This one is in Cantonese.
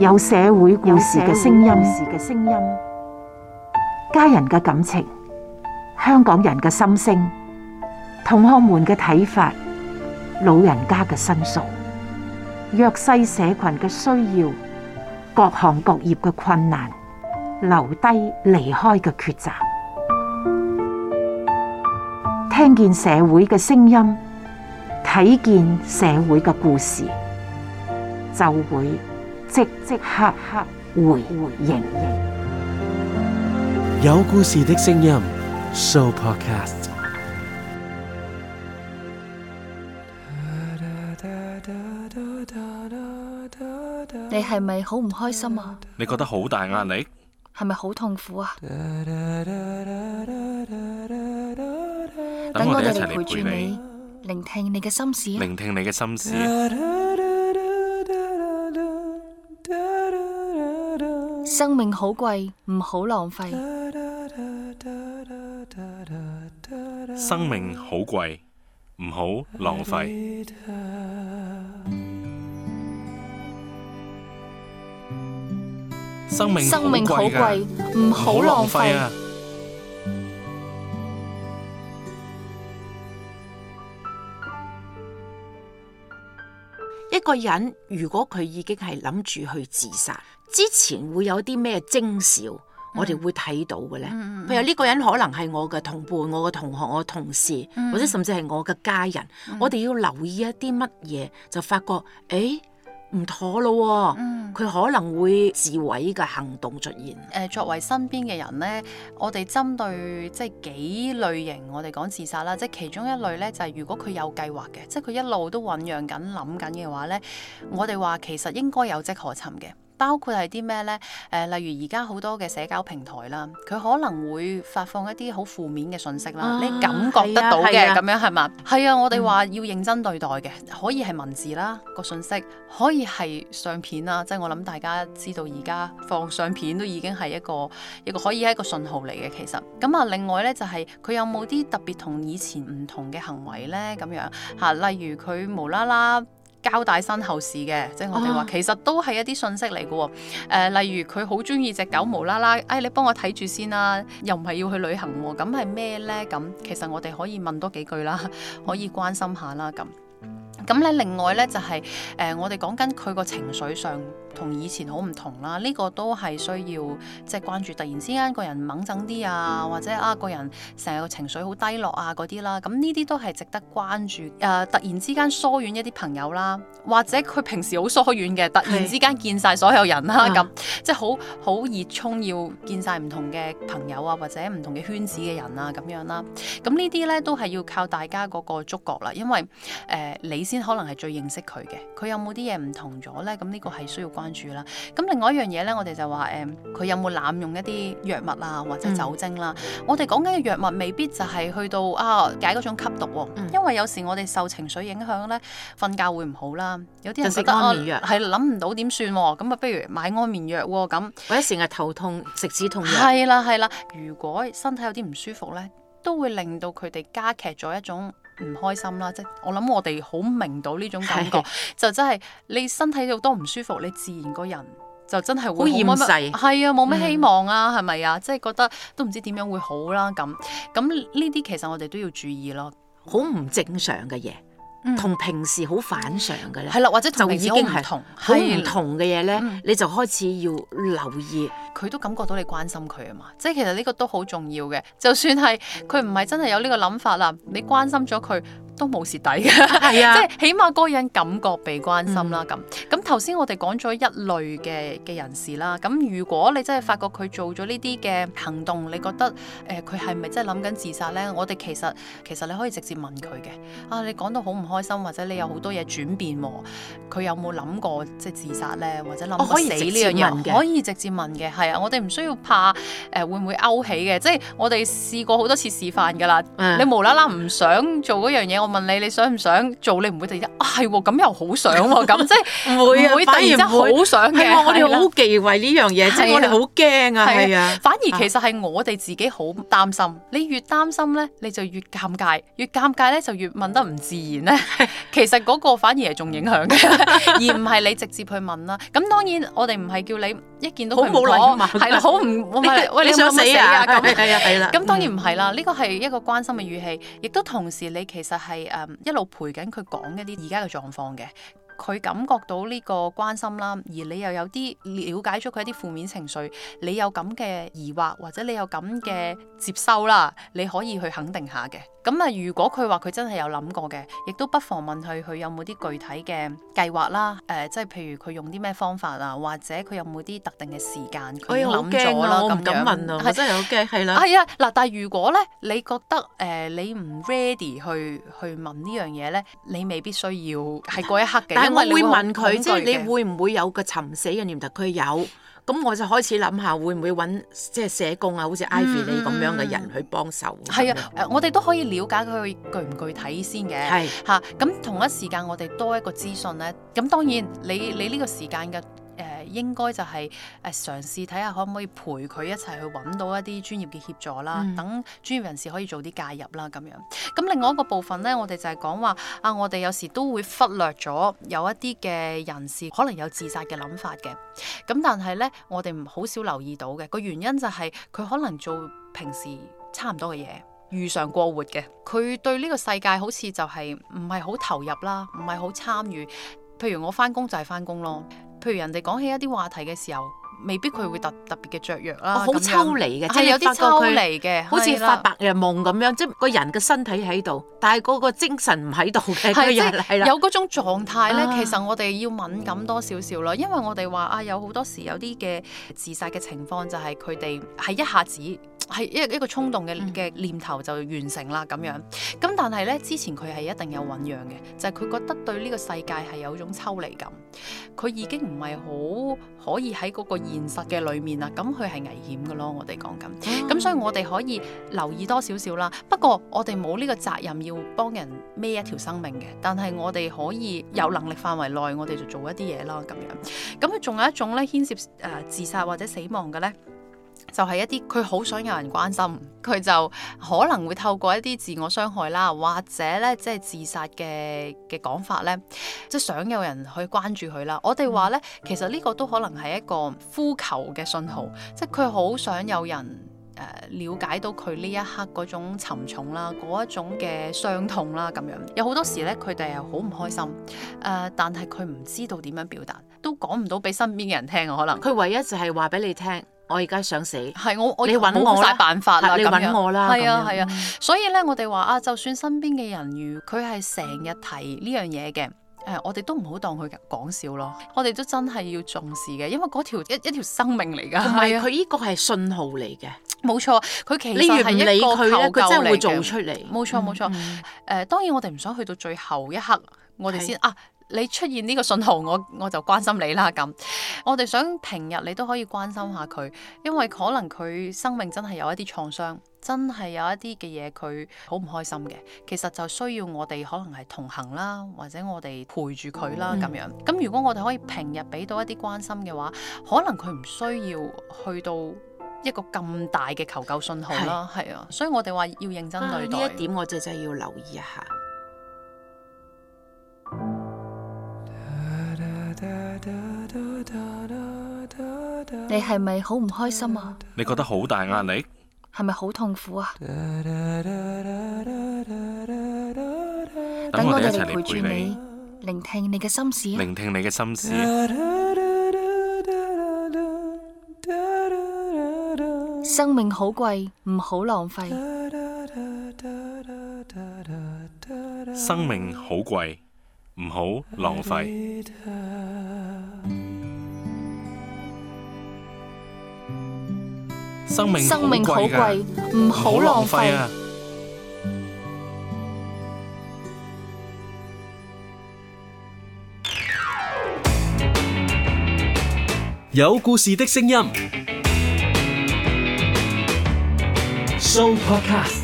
有社會故事嘅聲音，家人嘅感情，香港人嘅心聲，同學們嘅睇法，老人家嘅申訴，弱勢社群嘅需要，各行各業嘅困難，留低離開嘅抉擇，聽見社會嘅聲音，睇見社會嘅故事，就會。即即刻刻回回應應，有故事的聲音，Sooo Podcast。你係咪好唔開心啊？你覺得好大壓力？係咪好痛苦啊？等我哋一齊嚟陪伴你，聆聽你嘅心事，聆聽你嘅心事。生命好貴，唔好浪費。生命好貴，唔好浪費。生命好貴，唔好浪費啊！呢個人如果佢已經係諗住去自殺，之前會有啲咩徵兆我，我哋會睇到嘅咧？Hmm. 譬如呢個人可能係我嘅同伴、我嘅同學、我嘅同事，mm hmm. 或者甚至係我嘅家人，mm hmm. 我哋要留意一啲乜嘢，就發覺誒。哎唔妥咯、哦，佢、嗯、可能會自毀嘅行動出現。誒、呃，作為身邊嘅人咧，我哋針對即係幾類型，我哋講自殺啦，即係其中一類咧，就係、是、如果佢有計劃嘅，即係佢一路都醖釀緊、諗緊嘅話咧，我哋話其實應該有跡可尋嘅。包括係啲咩咧？誒，例如而家好多嘅社交平台啦，佢可能會發放一啲好負面嘅信息啦，你感覺得到嘅咁樣係嘛？係啊，我哋話要認真對待嘅，可以係文字啦個信息，可以係相片啦，即係我諗大家知道而家放相片都已經係一個一個可以係一個信號嚟嘅，其實咁啊，另外咧就係佢有冇啲特別同以前唔同嘅行為咧？咁樣吓，例如佢無啦啦。交代身後事嘅，即係我哋話，啊、其實都係一啲信息嚟嘅、哦。誒、呃，例如佢好中意隻狗，無啦啦，哎，你幫我睇住先啦、啊，又唔係要去旅行、哦，咁係咩咧？咁其實我哋可以問多幾句啦，可以關心下啦，咁。咁咧、嗯，另外咧就係、是、誒、呃、我哋講緊佢個情緒上同以前好唔同啦。呢、這個都係需要即係關注。突然之間個人猛增啲啊，或者啊個人成日個情緒好低落啊嗰啲啦。咁呢啲都係值得關注。誒、呃、突然之間疏遠一啲朋友啦，或者佢平時好疏遠嘅，突然之間見晒所有人啦。咁的即係好好熱衷要見晒唔同嘅朋友啊，或者唔同嘅圈子嘅人啊咁樣啦。咁、嗯、呢啲咧都係要靠大家嗰個觸覺啦，因為誒、呃、你先。可能係最認識佢嘅，佢有冇啲嘢唔同咗咧？咁呢個係需要關注啦。咁另外一樣嘢咧，我哋就話誒，佢、嗯、有冇濫用一啲藥物啊，或者酒精啦、啊？嗯、我哋講緊嘅藥物未必就係去到啊解嗰種吸毒、啊，嗯、因為有時我哋受情緒影響咧，瞓覺會唔好啦、啊。有啲人食安眠藥係諗唔到點算，咁啊，不，啊不如買安眠藥喎、啊。咁或者成日頭痛，食止痛藥。係啦係啦，如果身體有啲唔舒服咧，都會令到佢哋加劇咗一種。唔開心啦，即係我諗我哋好明到呢種感覺， 就真、就、係、是、你身體有好多唔舒服，你自然個人就真係會厭世，係啊，冇咩希望啊，係咪、嗯、啊？即係覺得都唔知點樣會好啦、啊，咁咁呢啲其實我哋都要注意咯，好唔正常嘅嘢。同平時好反常嘅咧，係啦、嗯，或者就已經係好唔同嘅嘢咧，係，你就開始要留意。佢都感覺到你關心佢啊嘛，即係其實呢個都好重要嘅。就算係佢唔係真係有呢個諗法啦，你關心咗佢。都冇蝕底嘅，即係起碼嗰個人感覺被關心啦。咁咁頭先我哋講咗一類嘅嘅人士啦。咁如果你真係發覺佢做咗呢啲嘅行動，你覺得誒佢係咪真係諗緊自殺咧？我哋其實其實你可以直接問佢嘅。啊，你講到好唔開心，或者你有好多嘢轉變，佢有冇諗過即係自殺咧，或者諗死呢樣嘢？可以直接問嘅，係啊，我哋唔需要怕誒會唔會勾起嘅。即係我哋試過好多次示範噶啦。你無啦啦唔想做嗰樣嘢，問你你想唔想做？你唔會突然間啊，係喎、啊，咁又好想喎，咁即係唔 會啊，會突然間反而好想嘅。啊啊、我哋好忌諱呢樣嘢，即係我哋好驚啊，係啊。反而其實係我哋自己好擔心，你越擔心咧，你就越尷尬，越尷尬咧，就越問得唔自然咧。其實嗰個反而係仲影響嘅， 而唔係你直接去問啦。咁當然我哋唔係叫你。一見到好冇攞，係啦，好唔， 你喂，你想死啊？咁當然唔係啦，呢個係一個關心嘅語氣，亦都同時你其實係誒、嗯、一路陪緊佢講一啲而家嘅狀況嘅，佢感覺到呢個關心啦，而你又有啲了解咗佢一啲負面情緒，你有咁嘅疑惑或者你有咁嘅接收啦，你可以去肯定下嘅。咁啊！如果佢話佢真係有諗過嘅，亦都不妨問佢佢有冇啲具體嘅計劃啦。誒、呃，即係譬如佢用啲咩方法啊，或者佢有冇啲特定嘅時間佢諗咗咯。咁咁、欸啊、咁樣問啊，係，我真係好驚係啦。係啊，嗱、啊，但係如果咧，你覺得誒、呃，你唔 ready 去去問呢樣嘢咧，你未必需要係嗰一刻。嘅。但係我會問佢，即係你會唔會有個尋死嘅念頭？佢有。咁我就開始諗下，會唔會揾即係社工啊，好似 Ivy 呢咁樣嘅人去幫手？係、嗯、啊，誒，我哋都可以了解佢具唔具體先嘅，嚇是。咁、啊、同一時間，我哋多一個資訊咧。咁當然，你你呢個時間嘅。誒應該就係誒嘗試睇下可唔可以陪佢一齊去揾到一啲專業嘅協助啦，等、嗯、專業人士可以做啲介入啦咁樣。咁另外一個部分呢，我哋就係講話啊，我哋有時都會忽略咗有一啲嘅人士可能有自殺嘅諗法嘅。咁但係呢，我哋唔好少留意到嘅個原因就係佢可能做平時差唔多嘅嘢，遇上過活嘅。佢、嗯、對呢個世界好似就係唔係好投入啦，唔係好參與。譬如我返工就係返工咯。譬如人哋講起一啲話題嘅時候，未必佢會特特別嘅雀藥雀躍啦，好、哦、抽離嘅，樣即係有啲抽離嘅，好似了發白日夢咁樣，即係個人嘅身體喺度，但係嗰個精神唔喺度嘅，即係有嗰種狀態咧。啊、其實我哋要敏感多少少啦，因為我哋話啊，有好多時有啲嘅自殺嘅情況就係佢哋係一下子。係一一個衝動嘅嘅念頭就完成啦咁樣，咁但係咧之前佢係一定有醞釀嘅，就係、是、佢覺得對呢個世界係有一種抽離感，佢已經唔係好可以喺嗰個現實嘅裡面啦，咁佢係危險嘅咯。我哋講緊，咁、嗯、所以我哋可以留意多少少啦。不過我哋冇呢個責任要幫人孭一條生命嘅，但係我哋可以有能力範圍內，我哋就做一啲嘢啦咁樣。咁佢仲有一種咧牽涉誒、呃、自殺或者死亡嘅咧。就係一啲佢好想有人關心，佢就可能會透過一啲自我傷害啦，或者咧即係自殺嘅嘅講法咧，即係想有人去關注佢啦。我哋話咧，其實呢個都可能係一個呼求嘅信號，即係佢好想有人誒、呃、瞭解到佢呢一刻嗰種沉重啦，嗰一種嘅傷痛啦咁樣。有好多時咧，佢哋係好唔開心，誒、呃，但係佢唔知道點樣表達，都講唔到俾身邊嘅人聽。可能佢唯一就係話俾你聽。我而家想死，係我我你揾我晒辦法啦，你揾我啦，係啊係啊，啊嗯、所以咧我哋話啊，就算身邊嘅人如佢係成日提呢樣嘢嘅，誒我哋都唔好當佢講笑咯，我哋都，都真係要重視嘅，因為嗰條一一條生命嚟噶，係啊，佢依個係信號嚟嘅，冇錯、啊，佢其實係一個求救嚟嘅，冇錯冇錯，誒、嗯嗯呃、當然我哋唔想去到最後一刻，我哋先是啊。你出現呢個信號，我我就關心你啦。咁，我哋想平日你都可以關心下佢，因為可能佢生命真係有一啲創傷，真係有一啲嘅嘢佢好唔開心嘅。其實就需要我哋可能係同行啦，或者我哋陪住佢啦咁、嗯、樣。咁如果我哋可以平日俾到一啲關心嘅話，可能佢唔需要去到一個咁大嘅求救信號啦。係是啊，所以我哋話要認真對待呢、啊、一點，我哋真係要留意一下。你係咪好唔開心啊？你覺得好大壓力？係咪好痛苦啊？等我哋一齊嚟陪住你，聆聽你嘅心事。聆聽你嘅心事。生命好貴，唔好浪費。生命好貴，唔好浪費。生命好貴，唔好浪費。有故事的聲音，Sooo Podcast。